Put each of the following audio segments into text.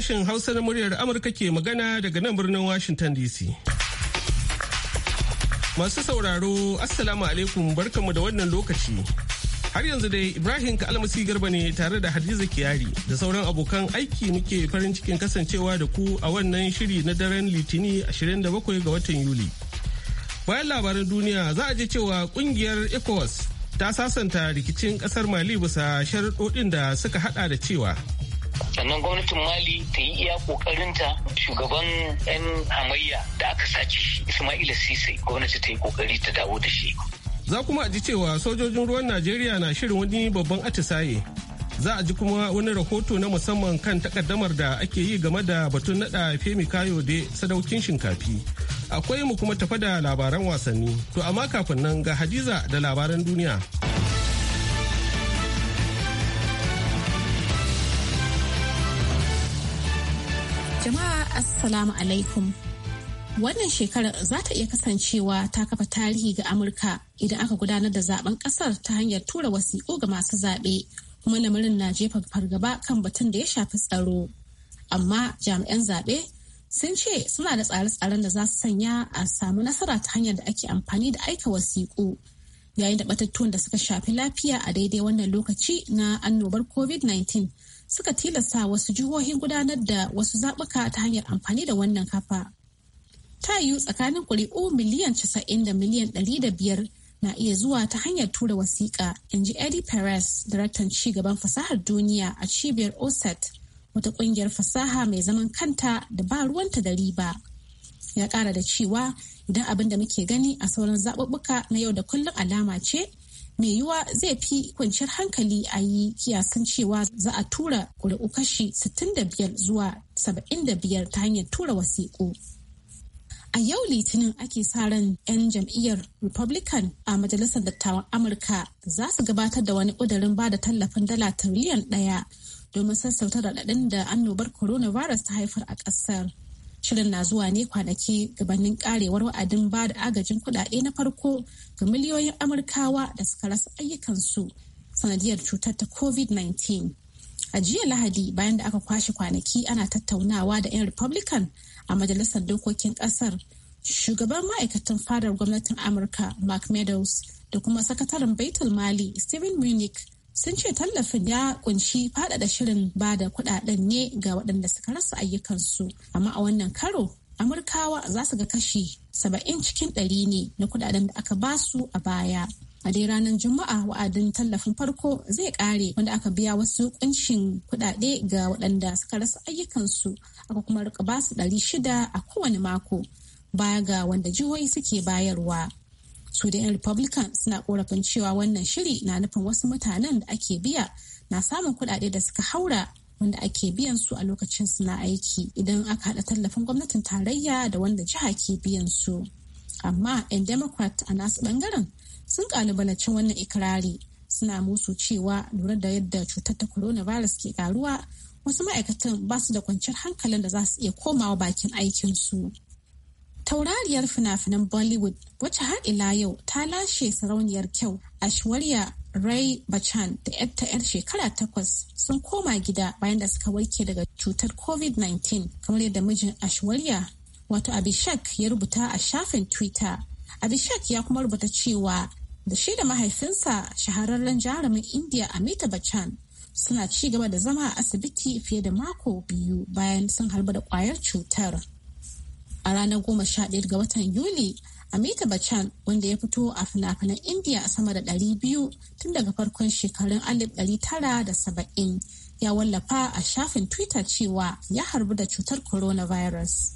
sashen Hausa na muryar Amurka ke magana daga nan birnin Washington DC. Masu sauraro, Assalamu alaikum barkamu da wannan lokaci. Har yanzu dai Ibrahim Kalmasi Garba ne tare da Hadiza Kiyari da sauran abokan aiki muke farin cikin kasancewa da ku a wannan shiri na daren Litini 27 ga watan Yuli. Bayan labaran duniya za a ji cewa kungiyar ECOWAS ta sasanta rikicin kasar Mali bisa sharuɗoɗin da suka hada da cewa sannan gwamnatin mali ta yi iya kokarinta shugaban yan hamayya da aka sace ismaila sisai gwamnati ta yi kokari ta dawo da shi za kuma a ji cewa sojojin ruwan najeriya na shirin wani babban atisaye za a ji kuma wani rahoto na musamman kan takaddamar da ake yi game da batun nada femi kayode sadaukin shinkafi akwai mu kuma tafa da labaran wasanni to amma kafin nan ga hadiza da labaran duniya Jama'a Assalamu alaikum. Wannan shekarar za ta iya kasancewa ta kafa tarihi ga Amurka idan aka gudanar da zaben kasar ta hanyar tura wasiƙu ga masu zaɓe kuma lamarin na jefa fargaba kan batun da ya shafi tsaro. Amma jami'an zaɓe sun ce suna da tsare-tsaren da za su sanya a samu nasara ta hanyar da ake amfani da aika wasiƙu yayin da batattun da suka shafi lafiya a daidai wannan lokaci na annobar COVID-19 suka tilasta wasu jihohin gudanar da wasu zaɓuka ta hanyar amfani da wannan kafa. Ta yiwu tsakanin ƙuri'u miliyan 90 da miliyan 105 na iya zuwa ta hanyar tura wasiƙa, in ji Eddie Perez, daraktan ci gaban fasahar duniya a cibiyar OSET, wata ƙungiyar fasaha mai zaman kanta da ba ruwanta da riba. Ya ƙara da cewa idan abin da muke gani a sauran zaɓuɓɓuka na yau da kullum alama ce mai yiwa zai fi kwanciyar hankali a yi kiyasan cewa za a tura ƙuri'u kashi 65 zuwa 75 ta hanyar tura wasiƙu. A yau Litinin ake sa ran 'yan jam'iyyar Republican a Majalisar Dattawan Amurka za su gabatar da wani ƙudurin ba da tallafin dala tiriliyan ɗaya domin sassauta raɗaɗin da annobar coronavirus ta haifar a ƙasar. Shirin na zuwa ne kwanaki gabanin karewar wa'adin ba da agajin kudade na farko ga miliyoyin Amurkawa da suka rasa ayyukansu sanadiyar cutar ta COVID-19. A jiya Lahadi bayan da aka kwashe kwanaki ana tattaunawa da 'yan Republican a Majalisar Dokokin kasar shugaban ma'aikatan fadar gwamnatin Amurka Mark Meadows da kuma sakataren Baitul Mali Steven Munich sun ce tallafin ya kunshi faɗaɗa shirin ba da kuɗaɗen ne ga waɗanda suka rasa ayyukansu amma a wannan karo amurkawa za su ga kashi saba'in cikin ɗari ne na kuɗaɗen da aka ba su a baya a dai ranar juma'a wa'adin tallafin farko zai kare wanda aka biya wasu kunshin kuɗaɗe ga waɗanda suka rasa ayyukansu aka kuma rika su ɗari shida a kowane mako baya ga wanda jihohi suke bayarwa su da 'yan republican suna korafin cewa wannan shiri na nufin wasu mutanen da ake biya na samun kuɗaɗe da suka haura wanda ake biyan su a lokacin suna aiki idan aka haɗa tallafin gwamnatin tarayya da wanda jiha ke biyan su amma 'yan democrat a nasu bangaren sun kalubalanci wannan ikirari suna musu cewa lura da yadda cutar ta coronavirus ke karuwa wasu ma'aikatan ba su da kwanciyar hankalin da za su iya komawa bakin aikin su. Taurariyar fina-finan Bollywood wacce har ila yau ta lashe sarauniyar kyau Ashwarya Ray Bachchan da ta 'yar shekara takwas sun koma gida bayan da suka warke daga cutar COVID-19 kamar yadda mijin Ashwarya wato abishak ya rubuta a shafin Twitter. abishak ya kuma rubuta cewa da shi da mahaifinsa shahararren jarumin India Amita Bachchan suna ci gaba da zama a asibiti fiye da mako biyu bayan sun harba da kwayar cutar. a ranar goma sha ɗaya ga watan yuli amita bachchan wanda ya fito a fina-finan indiya sama da ɗari biyu tun daga farkon shekarun alif ɗari tara da saba'in ya wallafa a shafin twitter cewa ya harbu da cutar coronavirus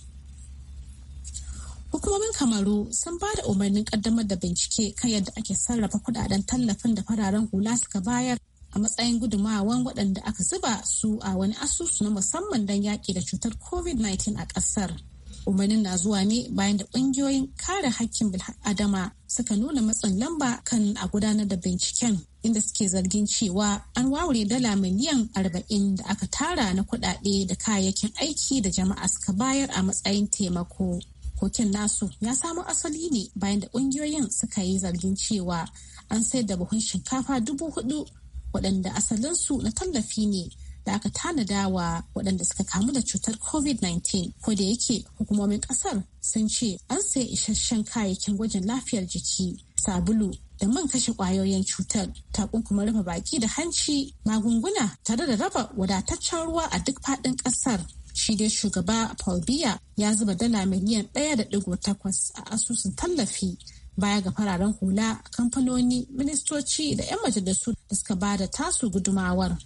hukumomin kamaru sun ba da umarnin kaddamar da bincike kan yadda ake sarrafa kudaden tallafin da fararen hula suka bayar a matsayin gudumawan waɗanda aka zuba su a wani asusu na musamman don yaƙi da cutar covid-19 a ƙasar. umarnin na zuwa ne bayan da ƙungiyoyin kare hakkin bil'adama suka nuna matsin lamba kan a gudanar da binciken inda suke zargin cewa an wawure dala miliyan arba'in da aka tara na kuɗaɗe da kayayyakin aiki da jama'a suka bayar a matsayin taimako. Kokin nasu ya samo asali ne bayan da ƙungiyoyin suka yi zargin cewa an sayar da buhun shinkafa dubu hudu waɗanda asalinsu na tallafi ne da aka tanada wa waɗanda suka kamu da cutar covid-19 ko da yake hukumomin ƙasar sun ce an sayi isasshen kayayyakin gwajin lafiyar jiki sabulu da man kashe kwayoyin cutar takunkuma rufe baki da hanci magunguna tare da raba wadataccen ruwa a duk faɗin ƙasar shi dai shugaba paul biya ya zuba dala miliyan ɗaya da ɗigo takwas a asusun tallafi baya ga fararen hula kamfanoni ministoci da 'yan majalisu da suka ba da tasu gudumawar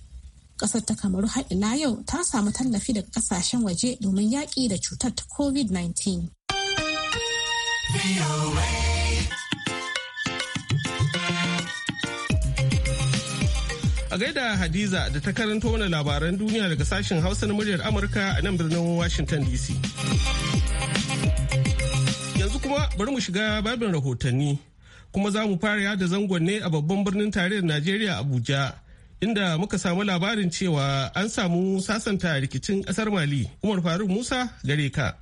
Kasar ta kamaru har ila yau ta samu tallafi daga kasashen waje domin yaƙi da cutar ta COVID-19. A gaida Hadiza da ta karanto mana labaran duniya daga sashen Hausa na muryar Amurka a nan birnin Washington DC. Yanzu kuma bari mu shiga babin rahotanni kuma za mu fara yada zangon ne a babban birnin tarayyar Najeriya Abuja. inda muka samu labarin cewa an samu sasanta rikicin kasar mali umar faruk musa gare ka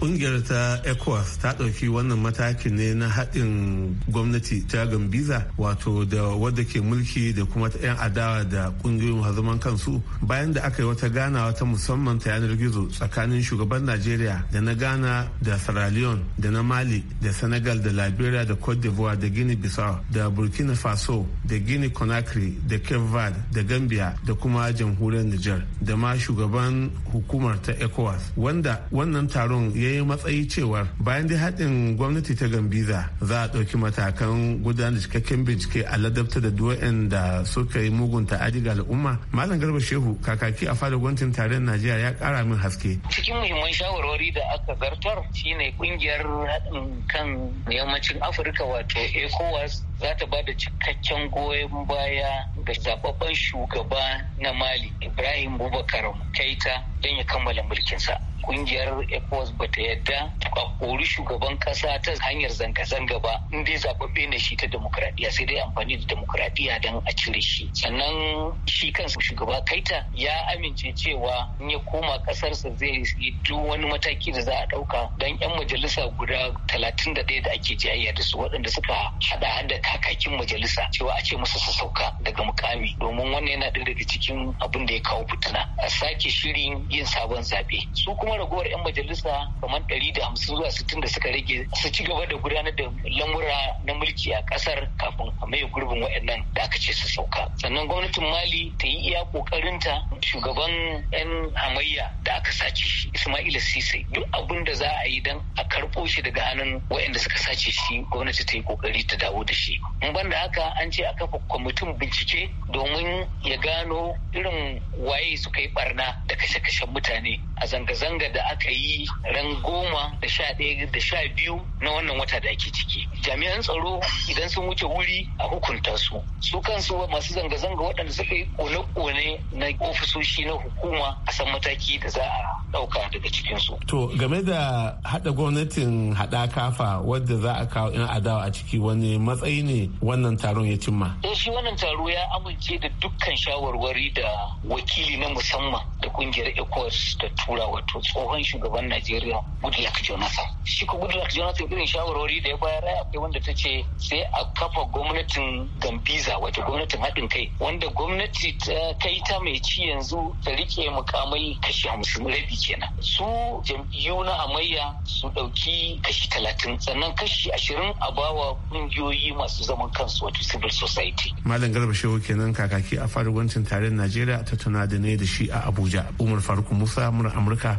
ƙungiyar ta ECOWAS ta ɗauki wannan matakin ne na haɗin gwamnati ta Gambiza wato da wadda ke mulki da kuma ta 'yan adawa da ƙungiyoyin hazuman kansu bayan da aka yi wata ganawa ta musamman ta yanar gizo tsakanin shugaban Najeriya da na Ghana da Sierra Leone da na Mali da Senegal da Liberia da Cote d'Ivoire da Guinea Bissau da Burkina Faso da Guinea Conakry da Cape Verde da Gambia da kuma jamhuriyar niger da ma shugaban hukumar ta ECOWAS wanda wannan taron ya yi matsayi cewar bayan da haɗin gwamnati ta gambiza za a ɗauki matakan gudanar da cikakken bincike a ladabta da duwa'in da suka yi mugun ta'adi ga al'umma malam garba shehu kakaki a fadar gwamnatin tarayyar najeriya ya ƙara min haske cikin muhimman shawarwari da aka zartar shine kungiyar haɗin kan yammacin afirka wato ecowas za ta ba da cikakken goyon baya ga zababben shugaba na mali ibrahim bubakar keita don ya kammala mulkinsa kungiyar ecowas ba ta yadda a kori shugaban kasa ta hanyar zanga-zanga ba in dai zababbe ne shi ta demokradiyya sai dai amfani da demokradiyya don a cire shi sannan shi kansa shugaba kaita ya amince cewa in ya koma kasarsa zai yi duk wani mataki da za a ɗauka. don yan majalisa guda talatin da ɗaya da ake jayayya da su waɗanda suka hada hada kakakin majalisa cewa a ce masa su sauka daga mukami domin wannan yana ɗaya daga cikin abin da ya kawo fitina a sake shirin yin sabon zaɓe su kuma ragowar 'yan majalisa kamar ɗari da hamsin zuwa sittin da suka rage su ci gaba da gudanar da lamura na mulki a ƙasar kafin a maye gurbin waɗannan da aka ce su sauka sannan gwamnatin mali ta yi iya ƙoƙarinta shugaban 'yan hamayya da aka sace shi ismaila Sisai duk abin da za a yi don a karɓo shi daga hannun waɗanda suka sace shi gwamnati ta yi ƙoƙari ta dawo da shi ciki in da haka an ce a kafa kwamitin bincike domin ya gano irin waye suka yi barna da kashe-kashen mutane a zanga-zanga da aka yi ran goma da sha ɗaya da sha biyu na wannan wata da ake ciki jami'an tsaro idan sun wuce wuri a hukunta su su kansu masu zanga-zanga waɗanda suka yi kone-kone na ofisoshi na hukuma a san mataki da za a ɗauka daga cikinsu. To game da haɗa gwamnatin haɗaka fa wadda za a kawo 'yan adawa a ciki wani matsayi ne wannan taron ya cimma? Eh, shi wannan taro ya amince da dukkan shawarwari da wakili na musamman da kungiyar ECOWAS da tura wato tsohon shugaban Najeriya Goodluck Jonathan. Shi ko Goodluck Jonathan irin shawarwari da ya bayar akwai wanda ta ce sai a kafa gwamnatin Gambiza wato gwamnatin haɗin kai wanda gwamnati ta kai ta mai ci yanzu ta rike mukamai kashi hamsin rabi kenan. Su jam'iyyu na amayya su ɗauki kashi talatin sannan kashi ashirin a bawa ƙungiyoyi masu masu zaman kansu wato civil society. Malam Garba Shehu kenan kakaki a wancan tarin Najeriya ta tuna da ne da shi a Abuja. Umar Faruk Musa muna Amurka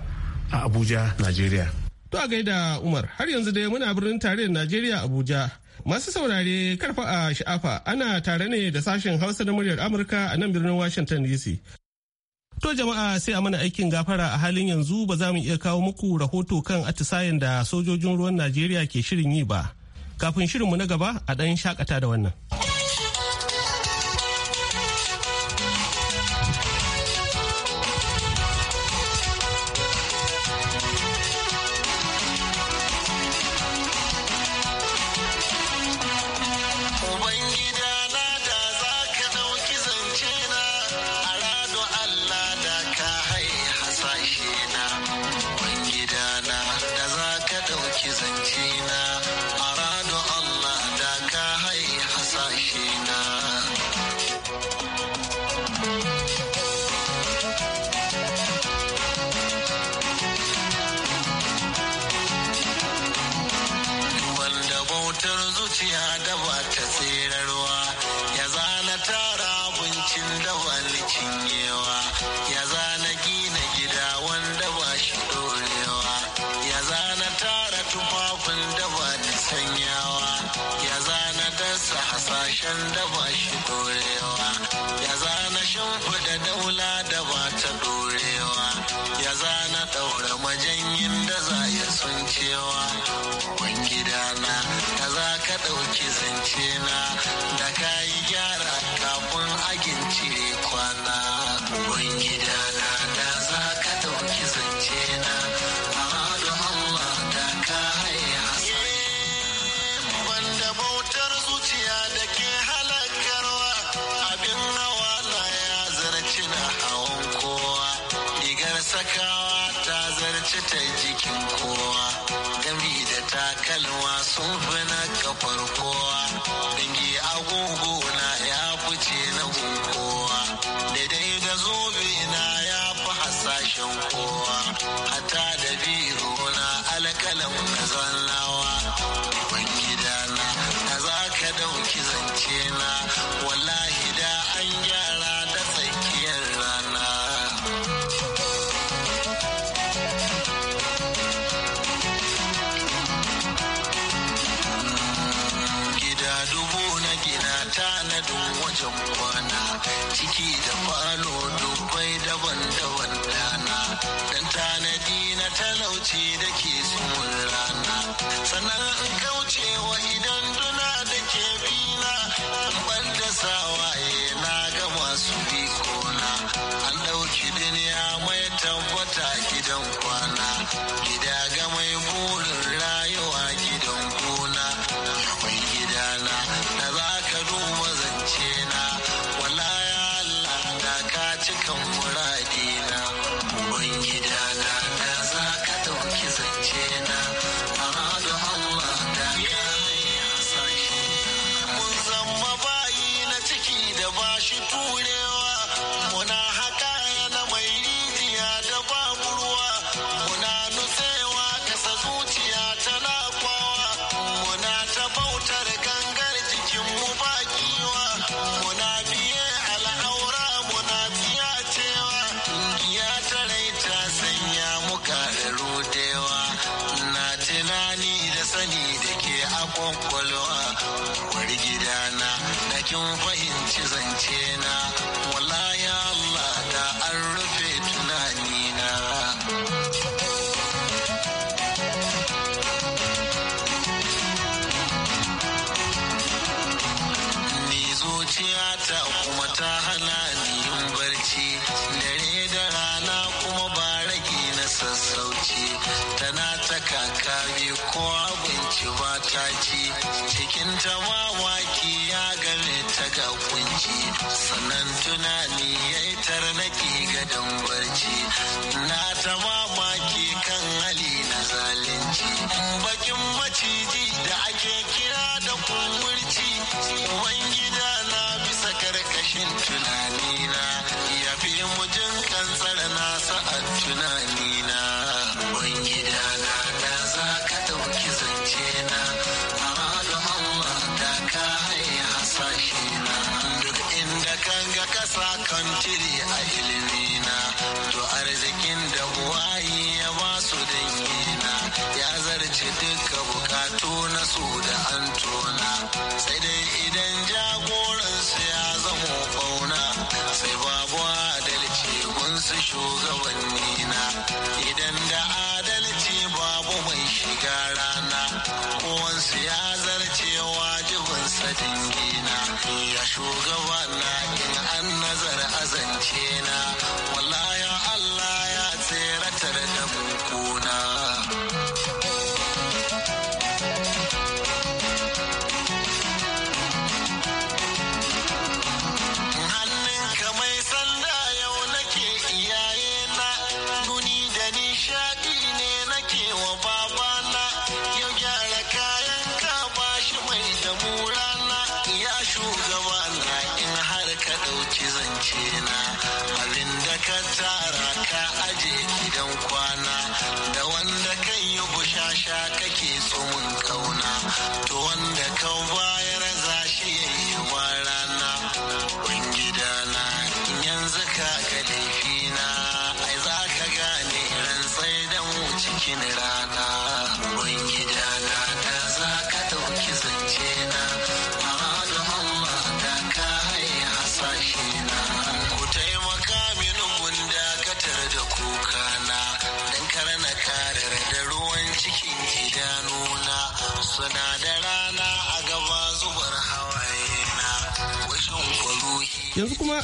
a Abuja, Najeriya. To a gaida Umar, har yanzu dai muna birnin tarihin Najeriya Abuja. Masu saurare karfa a sha'afa ana tare ne da sashen Hausa na muryar Amurka a nan birnin Washington DC. To jama'a sai a mana aikin gafara a halin yanzu ba za mu iya kawo muku rahoto kan atisayen da sojojin ruwan Najeriya ke shirin yi ba. Kafin shirinmu na gaba a ɗan shakata da wannan. ba shi dole takalma sun fi na kafar kowa dangi agogo suna ya nake gadon barci na ta mamaki kan hali na zalunci bakin maciji da ake kira da kumurci kasa kantiri a ilimi na to arzikin da buwayi ya basu dangina ya zarce duka bukatu na su da an tona sai dai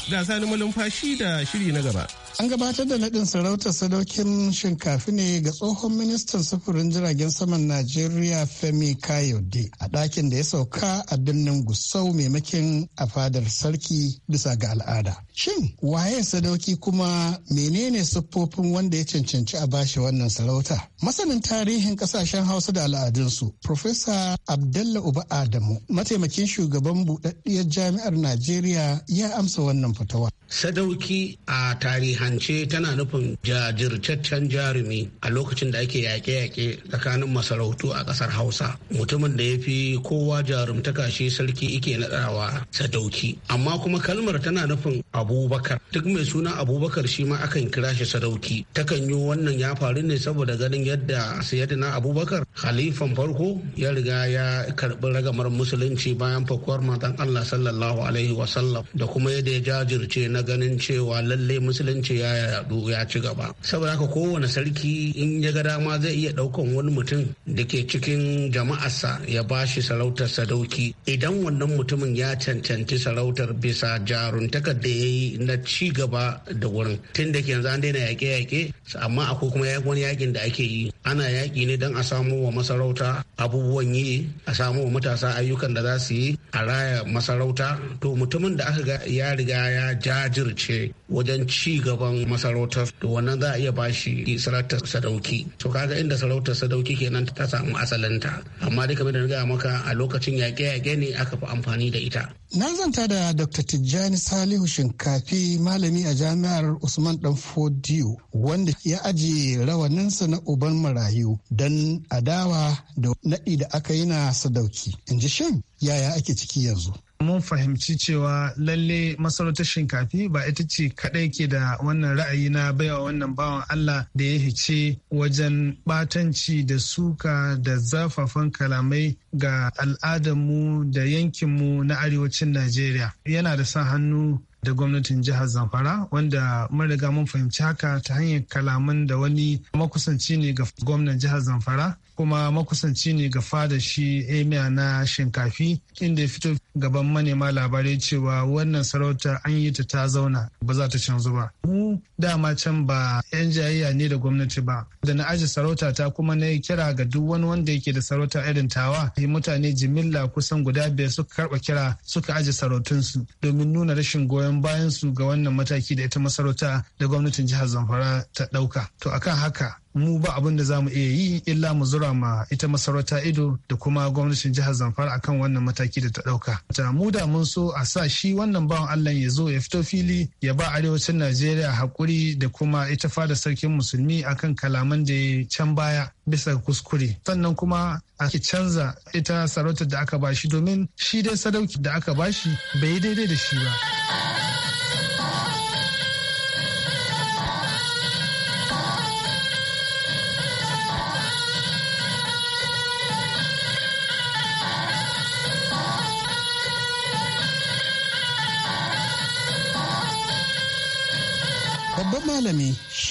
ga sani malumfashi da shiri na gaba. An gabatar da naɗin sarautar sadaukin shinkafi ne ga tsohon ministan sufurin jiragen saman Najeriya Femi Kayode a ɗakin da ya sauka a birnin Gusau maimakin a fadar sarki bisa ga al'ada. Shin waye sadauki kuma menene siffofin wanda ya cancanci a bashi wannan sarauta? Masanin tarihin ƙasashen Hausa da al'adunsu, Profesa Abdalla Uba Adamu, mataimakin shugaban buɗaɗɗiyar jami'ar Najeriya ya amsa wannan fatawa. Sadauki a tarihan turance tana nufin jajirtaccen jarumi a lokacin da ake yaƙe-yaƙe tsakanin masarautu a ƙasar hausa mutumin da ya fi kowa jarumtaka shi sarki ike naɗawa sadauki amma kuma kalmar tana nufin abubakar duk mai suna abubakar shi ma akan kira shi sadauki takan yi wannan ya faru ne saboda ganin yadda sayyidina abubakar khalifan farko ya riga ya karɓi ragamar musulunci bayan fakuwar matan allah sallallahu alaihi wasallam da kuma yadda ya jajirce na ganin cewa lallai musulunci ce ya yadu ya ci gaba saboda haka kowane sarki in ya ga dama zai iya daukan wani mutum da ke cikin jama'arsa ya ba shi sarautar sadauki idan wannan mutumin ya cancanci sarautar bisa jaruntakar da ya yi na ci gaba da wurin tun da ke yanzu an daina yaƙe-yaƙe amma akwai kuma wani yaƙin da ake yi ana yaƙi ne don a samo wa masarauta abubuwan yi a samo wa matasa ayyukan da za su yi a raya masarauta to mutumin da aka ga ya riga ya jajirce wajen ci gaba gaban masarautar to wannan za a iya bashi sarautar sadauki to kaga inda sarautar sadauki kenan ta samu asalinta amma duka da gaya maka a lokacin yaƙe-yaƙe ne aka fi amfani da ita na zanta da dr tijjani salihu shinkafi malami a jami'ar usman dan fodiyo wanda ya ajiye rawaninsa na uban marayu don adawa da naɗi da aka yi na sadauki in ji shin yaya ake ciki yanzu mun fahimci cewa lalle masarautar shinkafi ba ita ce kadai ke da wannan ra'ayi na baiwa wannan bawan Allah da ya hice wajen batanci da suka da zafafan kalamai ga al'adarmu da yankinmu na arewacin Najeriya. Yana da sa hannu da gwamnatin jihar zamfara wanda mariga mun fahimci haka ta hanyar kalaman da wani makusanci ne ga gwamnan jihar zamfara kuma makusanci ne ga fada shi emir na shinkafi inda ya fito gaban manema labarai cewa wannan sarauta an yi ta ta zauna ba za ta canzu ba mu dama can ba 'yan jayayya ne da gwamnati ba da na aji sarauta ta kuma na kira ga duk wani wanda yake da sarauta irin tawa mutane jimilla kusan guda biyar suka karba kira suka aji sarautunsu domin nuna rashin goyon bayan su ga wannan mataki da ita masarauta da gwamnatin jihar zamfara ta dauka to akan haka mu ba abin da za mu iya yi illa mu zura ma ita masarauta ido da kuma gwamnatin jihar zamfara akan wannan mataki da ta dauka ta mu da mun so a sa shi wannan bawan allah ya zo ya fito fili ya ba arewacin najeriya hakuri da kuma ita fada sarkin musulmi akan kalaman da ya can baya bisa kuskure sannan kuma a ki canza ita sarautar da aka bashi domin shi dai sadauki da aka bashi bai daidai da shi ba.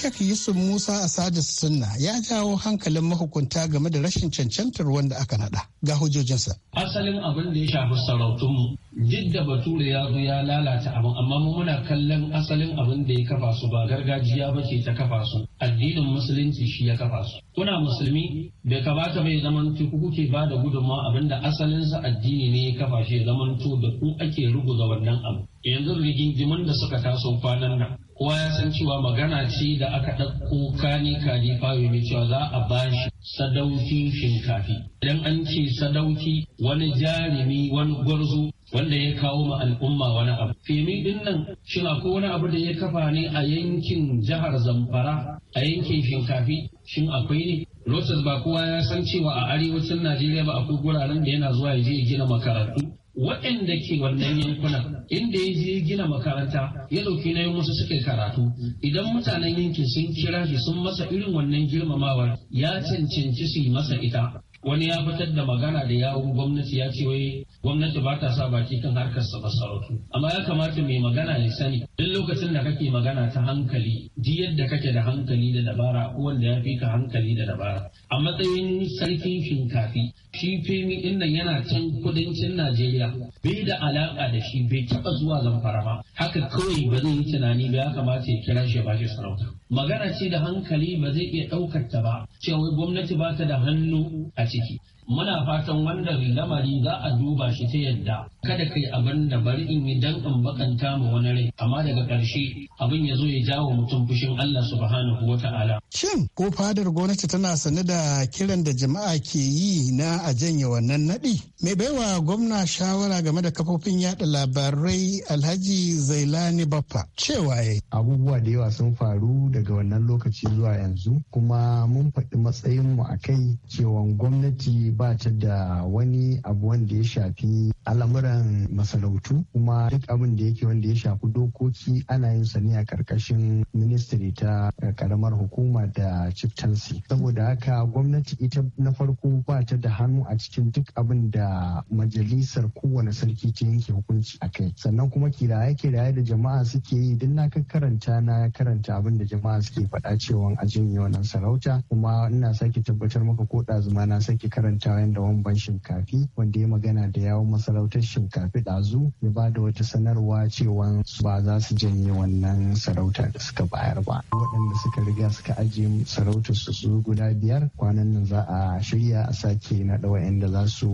Sheikh Yusuf Musa a Sajas Sunna ya jawo hankalin mahukunta game da rashin cancantar wanda aka nada ga hujjojinsa. Asalin abin da ya shafi sarautun duk da bature ya zo ya lalata abin amma mu muna kallon asalin abin da ya kafa su ba gargajiya ba ce ta kafa su addinin musulunci shi ya kafa su. Kuna musulmi bai kamata bai zaman ku kuke ba da gudunmawa abin da asalinsa addini ne ya kafa shi ya zaman da ku ake ruguza wannan abu. Yanzu rigingimin da suka taso kwanan nan kowa ya san cewa magana ce da aka ɗauko kani kani fayo ne cewa za a ba shi sadauki shinkafi idan an ce sadauki wani jarumi wani gwarzo wanda ya kawo ma al'umma wani abu femi din nan shin ko wani abu da ya kafa ne a yankin jihar zamfara a yankin shinkafi shin akwai ne lotus ba kowa ya san cewa a arewacin Najeriya ba akwai guraren da yana zuwa ya je gina makarantu waɗanda ke wannan yankunan inda ya je gina makaranta ya ɗauki na yin wasu suke karatu idan mutanen yankin sun kira shi sun masa irin wannan girmamawar ya cancanci su yi masa ita wani ya fitar da magana da yawun gwamnati ya ce wai gwamnati ba ta sa baki kan harkar sa masarautu amma ya kamata mai magana ya sani duk lokacin da kake magana ta hankali ji yadda kake da hankali da dabara ko wanda ya fi ka hankali da dabara a matsayin sarkin shinkafi shi femi din yana can kudancin Najeriya bai da alaka da shi bai taba zuwa zamfara ba haka kawai ba zai yi tunani ba ya kamata ya kira shi ba shi sarauta magana ce da hankali ba zai iya ɗaukar ta ba cewa gwamnati ba ta da hannu a ciki muna fatan wanda lamari za a duba shi ta yadda kada kai abin da bari in yi dan in bakanta ma wani rai amma daga ƙarshe abin ya zo ya jawo mutum fushin Allah subhanahu wa ta'ala. Shin ko fadar gwamnati tana sane da kiran da jama'a ke yi na a janye wannan naɗi? Mai baiwa gwamna shawara game da kafofin yada labarai Alhaji Zailani Baffa cewa ya Abubuwa da yawa sun faru daga wannan lokaci zuwa yanzu kuma mun faɗi matsayinmu a kai cewa gwamnati ba ta da wani abu wanda ya shafi al'amuran ɓangaren masarautu kuma duk abin da yake wanda ya shafi dokoki ana yin sa ne a karkashin ministry ta karamar eh, hukuma da chieftaincy saboda haka gwamnati ita na farko ba ta da hannu a cikin duk abin da majalisar kowane sarki ta yanke hukunci a kai sannan kuma kiraye-kiraye da jama'a suke yi idan na karanta na karanta abin da jama'a suke faɗa cewa a janye wannan sarauta kuma ina sake tabbatar maka ko ɗazuma na sake karantawa yadda ban shinkafi wanda ya magana da yawon masarautar shi su kafi ɗazu ya ba da wata sanarwa cewa su ba za su janye wannan sarauta da suka bayar ba waɗanda suka riga suka ajiye sarauta su su guda biyar kwanan nan za a shirya a sake na naɗa wa'anda za su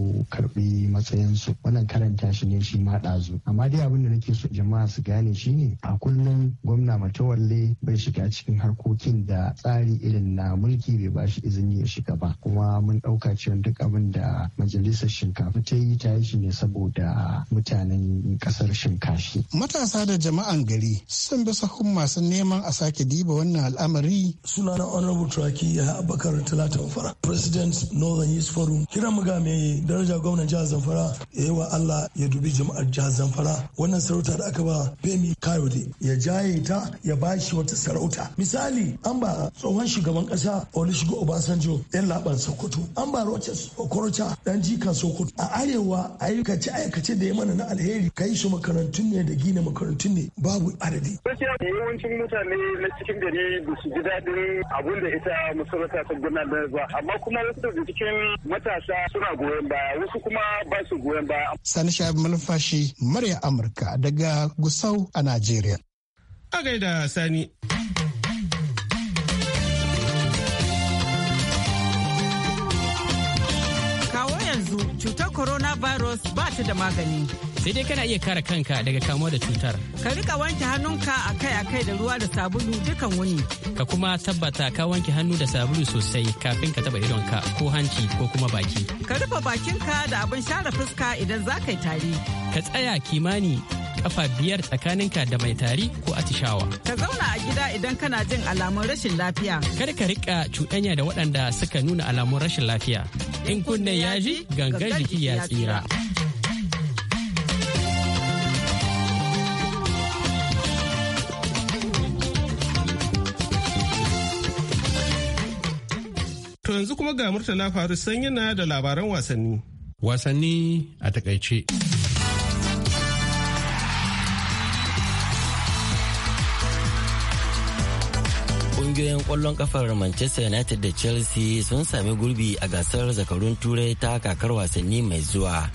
matsayin su wannan karanta shi ne shi ma ɗazu amma dai abin da nake so jama'a su gane shi ne. a kullum gwamna matawalle bai shiga cikin harkokin da tsari irin na mulki bai ba shi izini ya shiga ba kuma mun ɗauka cewa duk abin da majalisar shinkafa ta yi ta yi shi ne saboda mutanen kasar shinkashi. Matasa da jama'an gari sun bi sahun masu neman a sake diba wannan al'amari. suna na Honorable Turaki ya Abakar Talatin Fara, President Northern East Forum. Kira mu ga mai daraja gwamnan jihar Zamfara ya yi wa Allah ya dubi jama'ar jihar Zamfara. Wannan sarauta da aka ba Femi Kayode ya jaye ta ya ba shi wata sarauta. Misali an ba tsohon shugaban kasa Olusegun Obasanjo yan laban Sokoto. An ba Rochas Okorocha dan jikan Sokoto. A arewa aikace aikace ce da ya mana na alheri kai su makarantun ne da gina makarantun ne babu adadi. Gaskiya yawancin mutane na cikin gari da su ji daɗin abun da ita masarauta ta gudanar ba amma kuma wasu da cikin matasa suna goyon baya wasu kuma ba su goyon baya. Sani Shabi Malfashi murya Amurka daga Gusau a Najeriya. A gaida Sani. virus ba ta da magani. Sai dai kana iya kare kanka daga kamuwa da cutar. Ka rika wanke hannunka akai-akai da ruwa da sabulu dukan wuni. Ka kuma tabbata ka wanke hannu da sabulu sosai kafin ka taba ka, ko hanci ko kuma baki. Ka rufe bakinka da abin share fuska idan za ka yi tari. Ka tsaya kimani kafa biyar tsakaninka da mai tari ko atishawa. Ka zauna a gida idan kana jin alamun rashin lafiya. Kar ka rika cuɗanya da waɗanda suka nuna alamun rashin lafiya. In kunne ya ji gangan jiki ya tsira. To yanzu kuma ga Murtala sanyi na da labaran wasanni. Wasanni a takaice. Ƙungiyoyin ƙwallon kafar Manchester United da Chelsea sun sami gurbi a gasar zakarun turai ta kakar wasanni mai zuwa.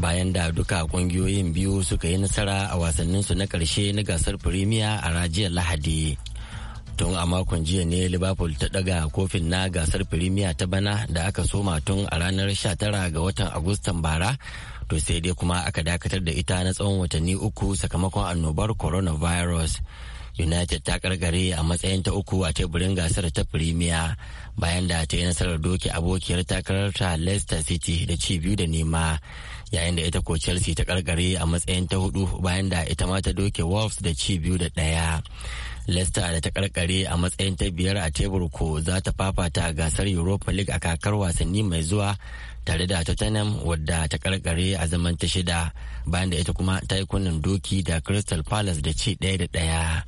Bayan da duka kungiyoyin biyu suka yi nasara a wasannin su na karshe na gasar Premier a rajiyar Lahadi. tun a makon jiya ne liverpool ta daga kofin na gasar premier ta bana da aka soma tun a ranar 19 ga watan agustan bara to sai dai kuma aka dakatar da ita na tsawon watanni uku sakamakon annobar coronavirus united ta karkare a matsayin ta uku a teburin gasar ta firimiya bayan da ta yi nasarar doke abokiyar takararta leicester city da ci biyu da nema yayin da ita ko chelsea ta karkare a matsayin ta hudu bayan da ita ma ta doke wolves da ci biyu da ɗaya. leicester da ta karkare a matsayin ta biyar a tebur ko za ta fafata gasar europa league a kakar wasanni mai zuwa tare da tottenham wadda ta karkare a zaman ta shida bayan da ita kuma ta yi kunnen doki da crystal palace da ci ɗaya da ɗaya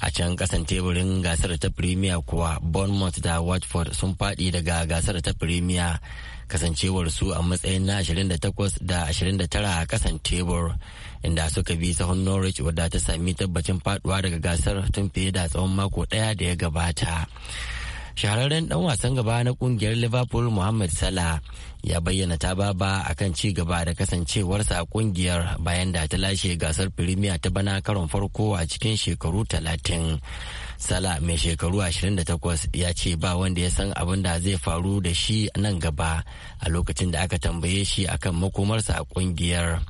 a can kasan teburin gasar ta premier kuwa bournemouth da watford sun faɗi daga gasar ta premier kasancewar su a matsayin na 28 da 29 a kasan tebur inda suka bi sahun norwich wadda ta sami tabbacin faduwa daga gasar tun fiye da tsawon mako daya da ya gabata shahararren dan wasan gaba na kungiyar liverpool Muhammad salah ya bayyana ta baba akan ci gaba da kasancewarsa a kungiyar bayan da ta lashe gasar firimiya ta bana karon farko a cikin shekaru talatin sala mai shekaru 28 ya ce ba wanda ya san abin da zai faru da shi nan gaba a lokacin da aka tambaye shi akan makomarsa a kungiyar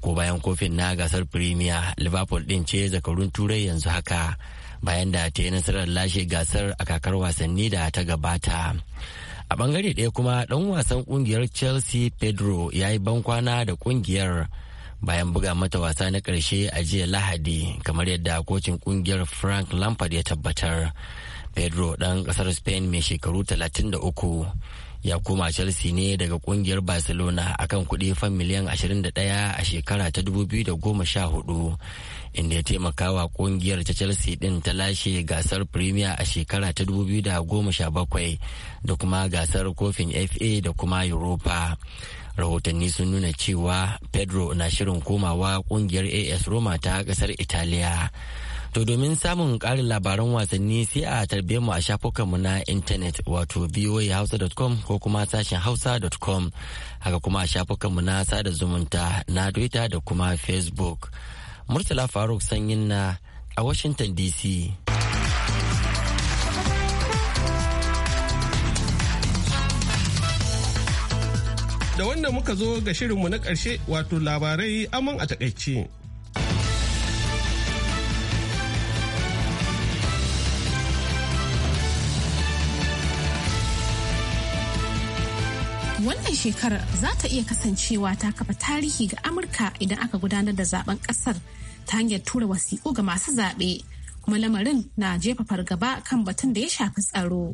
ko bayan kofin na gasar firimiya liverpool din ce zakarun turai yanzu haka bayan da ta yi nasarar lashe gasar a kakar wasanni da ta gabata. A bangare ɗaya kuma ɗan wasan ƙungiyar Chelsea Pedro ya yi bankwana da ƙungiyar bayan buga mata wasa na ƙarshe a jiya Lahadi kamar yadda kocin ƙungiyar Frank Lampard ya tabbatar. Pedro ɗan ƙasar Spain mai shekaru 33 ya koma chelsea ne daga kungiyar barcelona akan kuɗi fan miliyan 21 a shekara ta 2014 inda ya taimaka wa kungiyar ta chelsea din ta lashe gasar premier a shekara ta 2017 da kuma gasar kofin fa da kuma europa rahotanni sun nuna cewa pedro na shirin komawa kungiyar as roma ta kasar italiya To domin samun karin labaran wasanni sai a tarbe mu a shafukanmu na intanet wato voahausa.com ko kuma sashen hausa.com haka kuma a shafukanmu na sada zumunta na Twitter da kuma Facebook. Murtala Faruk sanyin na a Washington DC. Da wanda muka zo ga shirinmu na ƙarshe wato labarai aman a takaice. shekarar za ta iya kasancewa ta kafa tarihi ga Amurka idan aka gudanar da zaben kasar ta hanyar tura wasiƙu ga masu zaɓe kuma lamarin na jefa fargaba kan batun da ya shafi tsaro.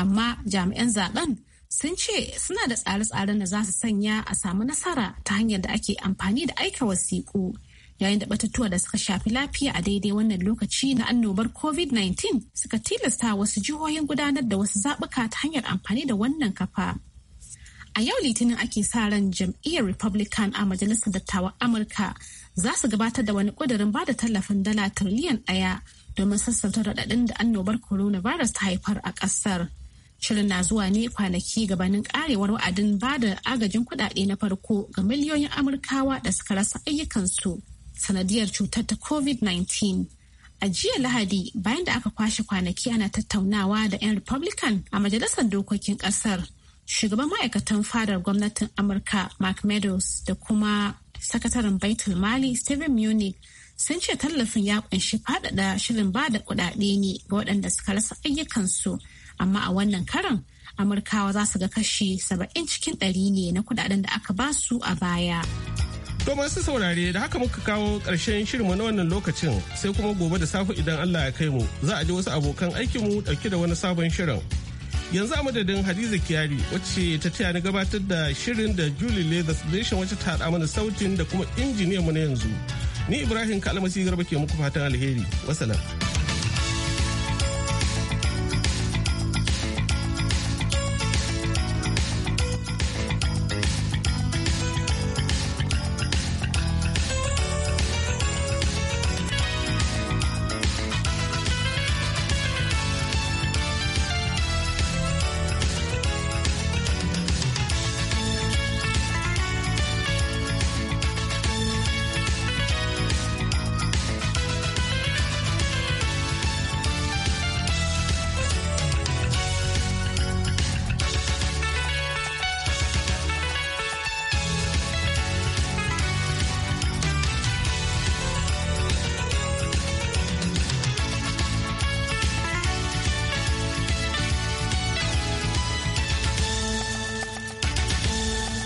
Amma jami'an zaben sun ce suna da tsare-tsaren da za su sanya a samu nasara ta hanyar da ake amfani da aika wasiƙu yayin da batutuwa da suka shafi lafiya a daidai wannan lokaci na annobar covid-19 suka tilasta wasu jihohin gudanar da wasu zaɓuka ta hanyar amfani da wannan kafa A yau Litinin ake sa ran jam'iyyar Republican a Majalisar Dattawan Amurka za su gabatar da wani ƙudurin ba da tallafin dala tiriliyan ɗaya domin sassauta raɗaɗin da annobar coronavirus ta haifar a ƙasar. Shirin na zuwa ne kwanaki gabanin ƙarewar wa'adin ba da agajin kuɗaɗe na farko ga miliyoyin Amurkawa da suka rasa ayyukansu sanadiyar cutar ta COVID-19. A jiya Lahadi bayan da aka kwashe kwanaki ana tattaunawa da 'yan Republican a Majalisar Dokokin ƙasar shugaban ma'aikatan fadar gwamnatin amurka mark meadows da kuma sakataren baitul mali steven munich sun ce tallafin ya kunshi faɗaɗa shirin ba da kuɗaɗe ne ga waɗanda suka rasa ayyukansu amma a wannan karan amurkawa za su ga kashi saba'in cikin ɗari ne na kuɗaɗen da aka ba su a baya to masu saurare da haka muka kawo ƙarshen shirinmu na wannan lokacin sai kuma gobe da safe idan allah ya kai mu za a ji wasu abokan aikinmu ɗauke da wani sabon shirin yanzu a madadin hadiza Kiyari wacce ta taya ni gabatar da shirin da julie leathers nation wacce ta haɗa mana sautin da kuma injiniyan mu na yanzu ni ibrahim kalmasi garba ke muku fatan alheri wasalam